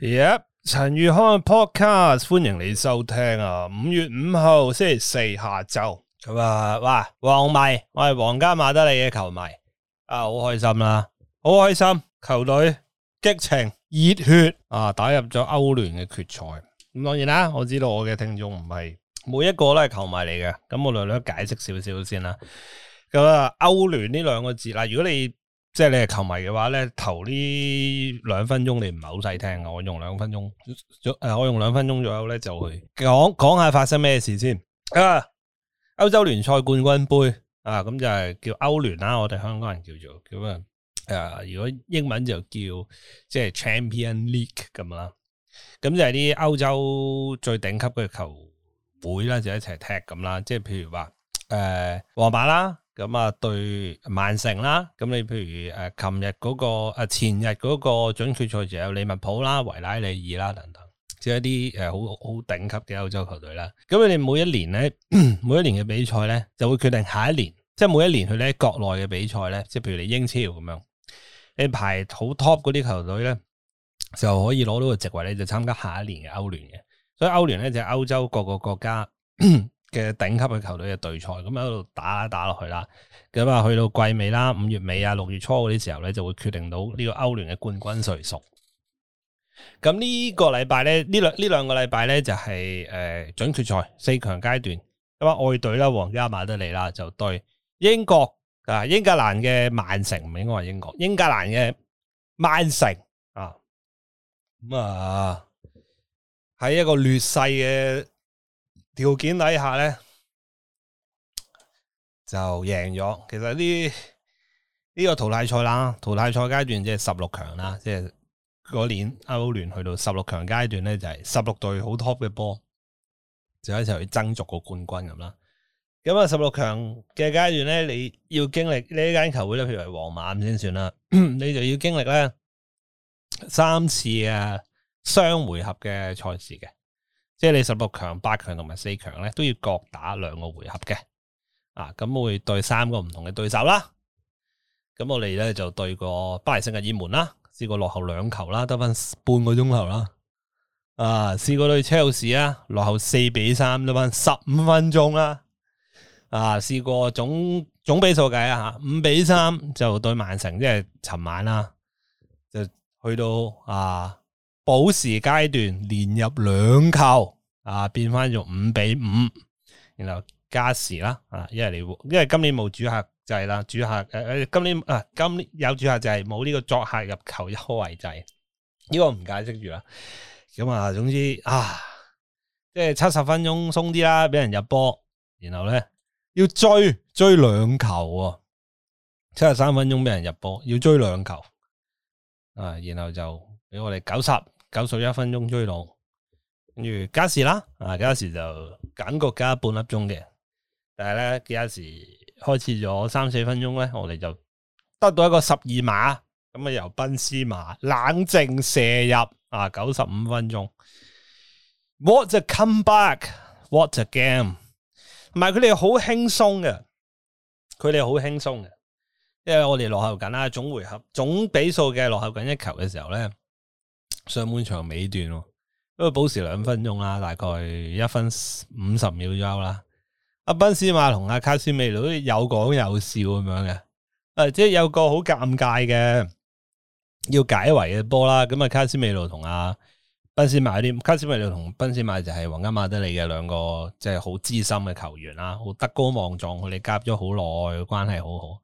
耶！陳宇、yeah, 康 podcast，歡迎你收聽啊！五月五號星期四下晝咁啊，哇！皇迷，我係皇家馬德里嘅球迷啊，好開心啦，啊，好開心！球隊激情熱血啊，打入咗歐聯嘅決賽。咁當然啦，啊，我知道我嘅聽眾唔係每一個都係球迷嚟嘅，咁我略略解釋少少先啦。咁啊，歐聯呢兩個字，嗱，如果你即係你係球迷嘅話咧，頭呢兩分鐘你唔係好細聽嘅，我用兩分鐘，誒，我用兩分鐘左右咧就去講講下發生咩事先啊！歐洲聯賽冠軍盃啊，咁就係叫歐聯啦，我哋香港人叫做叫咩啊？如果英文就叫即係、就是、Champion League 咁啦，咁就係啲歐洲最頂級嘅球會啦，就一齊踢咁啦。即係譬如話誒，皇、啊、馬啦。咁啊，對曼城啦，咁你譬如誒，琴日嗰個誒，前日嗰個準決賽就有利物浦啦、維拉利爾啦等等，即係一啲誒，好好頂級嘅歐洲球隊啦。咁佢哋每一年咧，每一年嘅比賽咧，就會決定下一年，即係每一年去咧國內嘅比賽咧，即係譬如你英超咁樣，你排好 top 嗰啲球隊咧，就可以攞到個席位咧，就參加下一年嘅歐聯嘅。所以歐聯咧就係歐洲各個國家。 嘅頂級嘅球隊嘅對賽，咁喺度打打落去啦，咁啊去到季尾啦，五月尾啊六月初嗰啲時候咧，就會決定到呢個歐聯嘅冠軍誰屬。咁呢個禮拜咧，呢兩呢兩個禮拜咧就係、是、誒、呃、準決賽四強階段，咁啊外隊啦皇家馬德里啦就對英國啊英格蘭嘅曼城，唔應該話英國，英格蘭嘅曼城啊，咁啊喺一個劣勢嘅。條件底下咧就贏咗，其實呢呢個淘汰賽啦，淘汰賽階段即係十六強啦，即係嗰年歐聯去到十六強階段咧就係十六隊好 top 嘅波，就一齊去爭逐個冠軍咁啦。咁啊，十六強嘅階段咧，你要經歷呢一間球會咧，譬如係皇馬咁先算啦，你就要經歷咧三次啊雙回合嘅賽事嘅。即係你十六強、八強同埋四強咧，都要各打兩個回合嘅，啊，咁會對三個唔同嘅對手啦。咁我哋咧就對個巴黎聖日耳門啦，試過落後兩球啦，得翻半個鐘頭啦。啊，試過對車路士啊，落後四比三，得翻十五分鐘啦。啊，試過總總比數計啊，吓五比三就對曼城，即係尋晚啦，就去到啊。補時階段連入兩球啊，變翻用五比五，然後加時啦，啊，因為，你因為今年冇主客制啦，主客誒誒、啊，今年啊，今年有主客就係冇呢個作客入球優惠制，呢、這個唔解釋住啦。咁啊，總之啊，即係七十分鐘鬆啲啦，俾人入波，然後咧要追追兩球，七十三分鐘俾人入波，要追兩球、啊、球，球，啊，然後就。俾我哋九十九十一分鐘追到，跟住加時啦，啊，加時就感覺加半粒鐘嘅，但係咧，加時開始咗三四分鐘咧，我哋就得到一個十二碼，咁、嗯、啊，由賓斯馬冷靜射入，啊九十五分鐘，what a comeback，what a game，唔係佢哋好輕鬆嘅，佢哋好輕鬆嘅，因為我哋落後緊啦，總回合總比數嘅落後緊一球嘅時候咧。上半場尾段，因為補時兩分鐘啦，大概一分五十秒左右啦。阿賓斯馬同阿卡斯美路都有講有笑咁樣嘅，誒，即係有個好尷尬嘅要解圍嘅波啦。咁啊，卡斯美路同阿賓斯馬啲，卡斯美路同賓斯馬就係皇家馬德里嘅兩個即係好資深嘅球員啦，好德高望重，佢哋夾咗好耐，關係好好，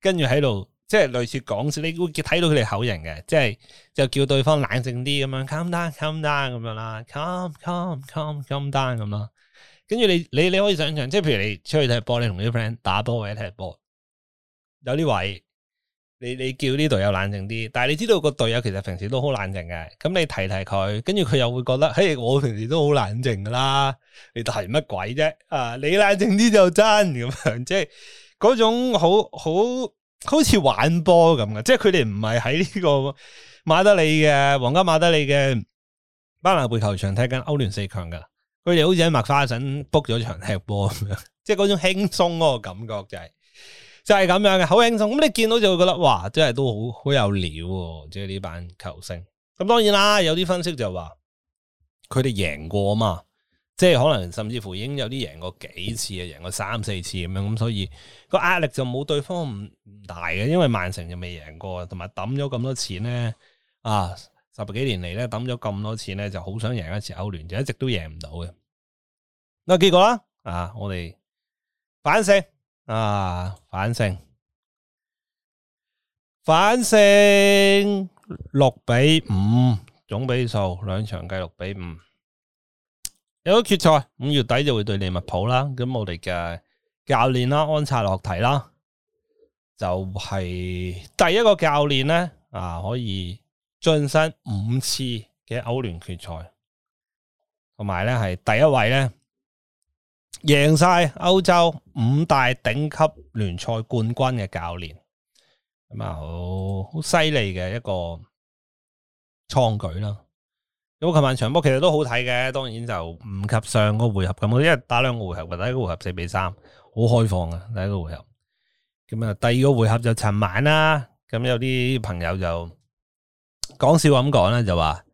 跟住喺度。即係類似講笑，你會睇到佢哋口型嘅，即係就叫對方冷靜啲咁樣 come down come down 咁樣啦，come come come come down 咁咯。跟住你你你可以想象，即係譬如你出去踢波，你同啲 friend 打波或者踢波，有啲位你你叫呢度有「冷靜啲」，但係你知道個隊友其實平時都好冷靜嘅，咁你提提佢，跟住佢又會覺得，嘿，我平時都好冷靜噶啦，你提乜鬼啫？啊，你冷靜啲就真咁樣，即係嗰種好好。好似玩波咁嘅，即係佢哋唔係喺呢個馬德里嘅皇家馬德里嘅班拿貝球場踢緊歐聯四強嘅，佢哋好似喺麥花臣 book 咗場踢波咁樣，即係嗰種輕鬆嗰個感覺就係、係、就係、係、咁樣嘅，好輕鬆。咁你見到就會覺得哇，真係都好好有料，啊，即係呢班球星。咁當然啦，有啲分析就話佢哋贏過嘛。即係可能甚至乎已經有啲贏過幾次啊，贏過三四次咁樣，咁所以個壓力就冇對方咁大嘅，因為曼城就未贏過，同埋抌咗咁多錢咧，啊，十幾年嚟咧抌咗咁多錢咧，就好想贏一次歐聯，就一直都贏唔到嘅。咁結果啦，啊，我哋反勝省啊，反勝，反勝六比五，總比數兩場計六比五。有個決賽，五月底就會對利物浦啦。咁我哋嘅教練啦，安察洛提啦，就係、是、第一個教練咧，啊可以晉身五次嘅歐聯決賽，同埋咧係第一位咧贏晒歐洲五大頂級聯賽冠軍嘅教練，咁啊好好犀利嘅一個創舉啦。咁琴晚場波其實都好睇嘅，當然就唔及上個回合咁，因為打兩個回合，第一個回合四比三，好開放嘅第一個回合。咁啊，第二個回合就尋晚啦，咁有啲朋友就講笑咁講呢就話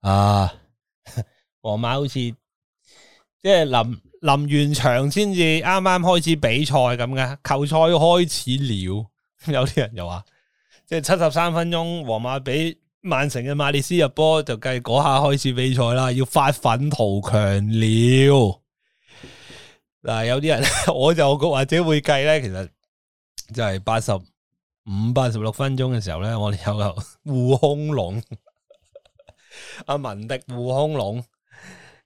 啊，皇馬好似即係臨臨完場先至啱啱開始比賽咁嘅，球賽開始了。有啲人又話，即係七十三分鐘皇馬比。曼城嘅馬列斯入波就計嗰下開始比賽啦，要發憤圖強了。嗱、啊，有啲人我就覺得或者會計咧，其實就係八十五、八十六分鐘嘅時候咧，我哋有個護空籠，阿、啊、文迪護空籠，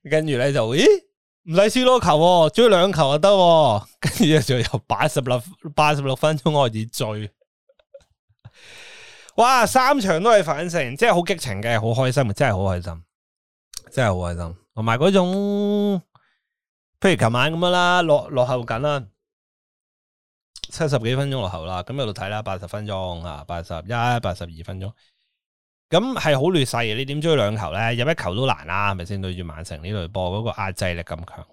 跟住咧就咦唔使輸多球，追兩球就得，跟住就由八十六八十六分鐘開始追。哇！三場都係反勝，即係好激情嘅，好開心嘅，真係好開心嘅，真係好開心嘅。同埋嗰種，譬如琴晚咁樣啦，落落後緊啦，七十幾分鐘落後啦，咁喺度睇啦，八十分鐘啊，八十一、八十二分鐘，咁係好劣勢。你點追兩球咧？入一球都難啦，係咪先？對住曼城呢類波嗰、嗰個壓制力咁強。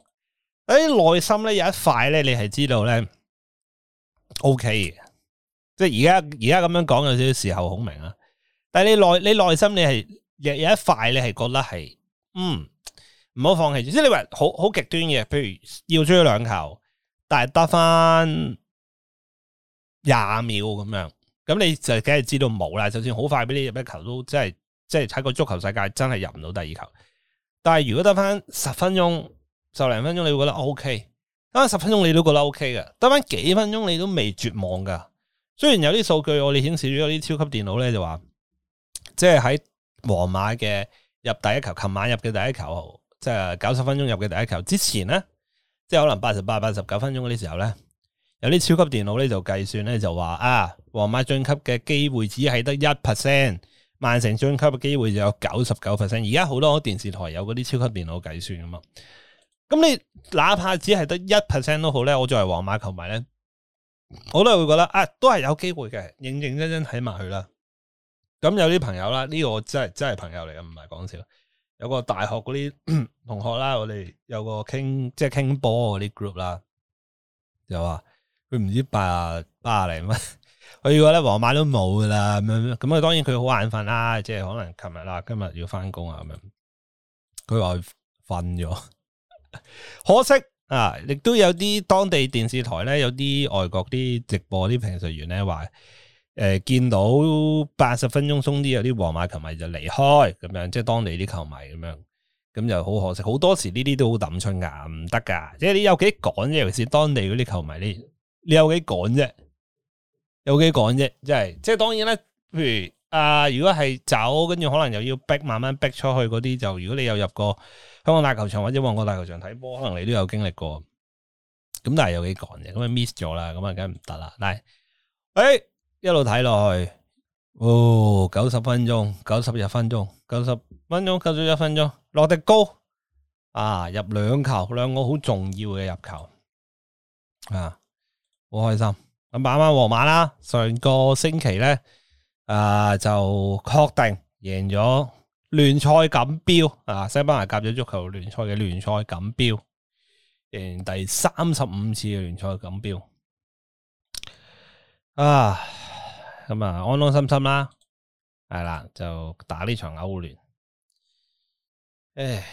誒、哎，內心咧有一塊咧，你係知道咧，OK 嘅。即係而家，而家咁樣講有少少事後孔明啊！但係你內你內心你係有，有一塊你係覺得係嗯，唔好放棄，即係你話好，好極端嘅，譬如要追兩球，但係得翻廿秒咁樣，咁你就梗係知道冇啦。就算好快俾你入一球都，即係即係睇個足球世界真係入唔到第二球。但係如果得翻十分鐘、十零分鐘，你會覺得 O K。得翻十分鐘你都覺得 O K 㗎。得翻幾分鐘你都未絕望㗎。雖然有啲數據我哋顯示咗啲超級電腦咧就話，即係喺皇馬嘅入第一球，琴晚入嘅第一球，即係九十分鐘入嘅第一球之前咧，即係可能八十八、八十九分鐘嗰啲時候咧，有啲超級電腦咧就計算咧就話啊，皇馬晉級嘅機會只係得一 percent，曼城晉級嘅機會就有九十九 percent。而家好多電視台有嗰啲超級電腦計算噶嘛，咁你哪怕只係得一 percent 都好咧，我作為皇馬球迷咧。我都係會覺得啊，都係有機會嘅，認認真真睇埋佢啦。咁有啲朋友啦，呢個真係真係朋友嚟嘅，唔係講笑。有個大學嗰啲同學啦，我哋有個傾即係傾波嗰啲 group 啦，又話佢唔知八八廿零蚊，佢話咧皇馬都冇噶啦。咁咁啊，當然佢好眼瞓啦，即係可能琴日啊、今日要翻工啊咁樣。佢話瞓咗，可惜。啊！亦都有啲當地電視台咧，有啲外國啲直播啲評述員咧，話誒、呃、見到八十分鐘鬆啲有啲皇馬球迷就離開咁樣，即係當地啲球迷咁樣，咁就好可惜。好多時呢啲都好揼春噶，唔得噶。即係你有幾趕啫，尤其是當地嗰啲球迷，你你有幾趕啫？有幾趕啫？即係即係當然咧，譬如。啊、呃！如果係走，跟住可能又要逼，慢慢逼出去嗰啲就，如果你有入過香港大球場或者旺角大球場睇波，可能你都有經歷過。咁但係有幾趕嘅，咁啊 miss 咗啦，咁啊梗係唔得啦。但係，誒、欸、一路睇落去，哦九十分鐘，九十一分鐘，九十分鐘，九十一分鐘，落迪高啊入兩球，兩個好重要嘅入球啊，好開心。咁慢慢皇馬啦，上個星期咧。啊！就確定贏咗聯賽錦標啊！西班牙甲組足球聯賽嘅聯賽錦標，贏第三十五次嘅聯賽錦標啊！咁啊，啊，安安心心啦，係啦，就打呢場歐聯。唉，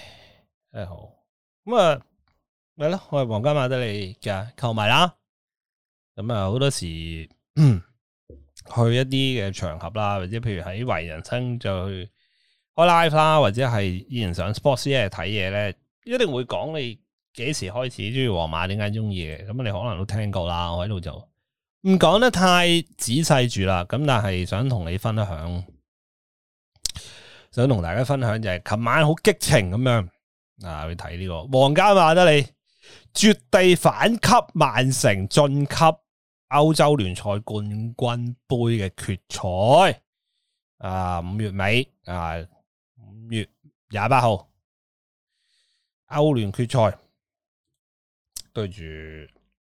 真好咁啊，係、啊、咯，我係皇家馬德里嘅球迷啦。咁啊，好多時嗯。去一啲嘅場合啦，或者譬如喺為人生就去開 live 啦，或者係依然上 sports 一睇嘢咧，一定會講你幾時開始中意皇馬，點解中意嘅？咁你可能都聽過啦。我喺度就唔講得太仔細住啦。咁但係想同你分享，想同大家分享就係琴晚好激情咁樣啊！去睇呢個皇家馬德里絕地反擊曼城晉級。歐洲聯賽冠軍杯嘅決賽，啊五月尾，啊五月廿八號，歐聯決賽對住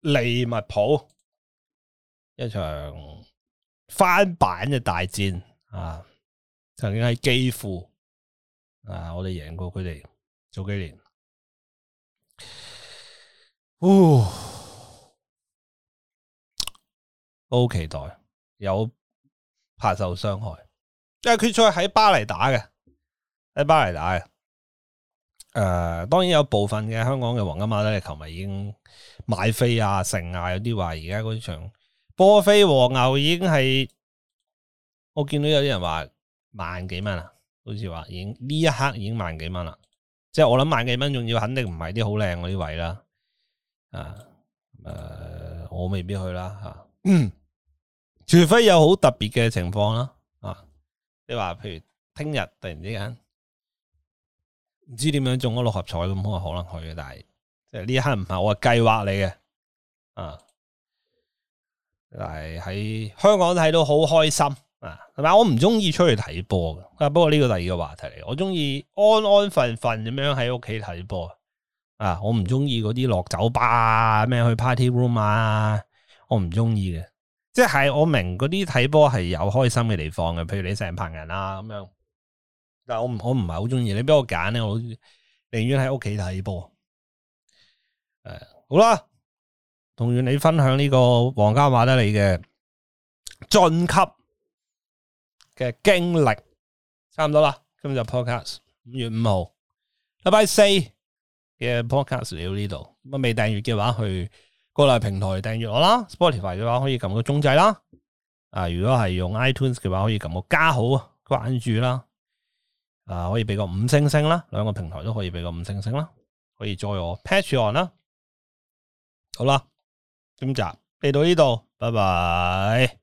利物浦一場翻版嘅大戰啊，曾經係幾乎啊我哋贏過佢哋，早幾年。嗚。都期待，有怕受傷害，因為決賽喺巴黎打嘅，喺巴黎打嘅，誒、呃，當然有部分嘅香港嘅皇家馬德里球迷已經買飛啊成啊，有啲話而家嗰場波飛黃牛已經係，我見到有啲人話萬幾蚊啊，好似話已經呢一刻已經萬幾蚊啦，即、就、係、是、我諗萬幾蚊仲要肯定唔係啲好靚嗰啲位啦，啊，誒、呃，我未必去啦吓。啊 除非有好特別嘅情況啦，啊，你話譬如聽日突然之間唔知點樣中咗六合彩咁，我可能去嘅，但係即係呢一刻唔係我嘅計劃嚟嘅，啊，但係喺香港睇到好開心啊，係咪？我唔中意出去睇波嘅，不過呢個第二個話題嚟，我中意安安分分咁樣喺屋企睇波啊，我唔中意嗰啲落酒吧啊，咩去 party room 啊，我唔中意嘅。即係我明嗰啲睇波係有開心嘅地方嘅，譬如你成棚人啦、啊、咁樣。但係我唔我唔係好中意，你俾我揀咧，我寧願喺屋企睇波。誒、嗯，好啦，同完你分享呢個皇家馬德里嘅晉級嘅經歷，差唔多啦。今日就 podcast 五月五號禮拜四嘅 podcast 嚟到呢度。咁未訂閱嘅話去。過嚟平台訂閱我啦，Spotify 嘅話可以撳個鐘掣啦。啊，如果係用 iTunes 嘅話，可以撳個加號關注啦。啊，可以畀個五星星啦，兩個平台都可以畀個五星星啦。可以再我 Patreon 啦。好啦，今集嚟到呢度，拜拜。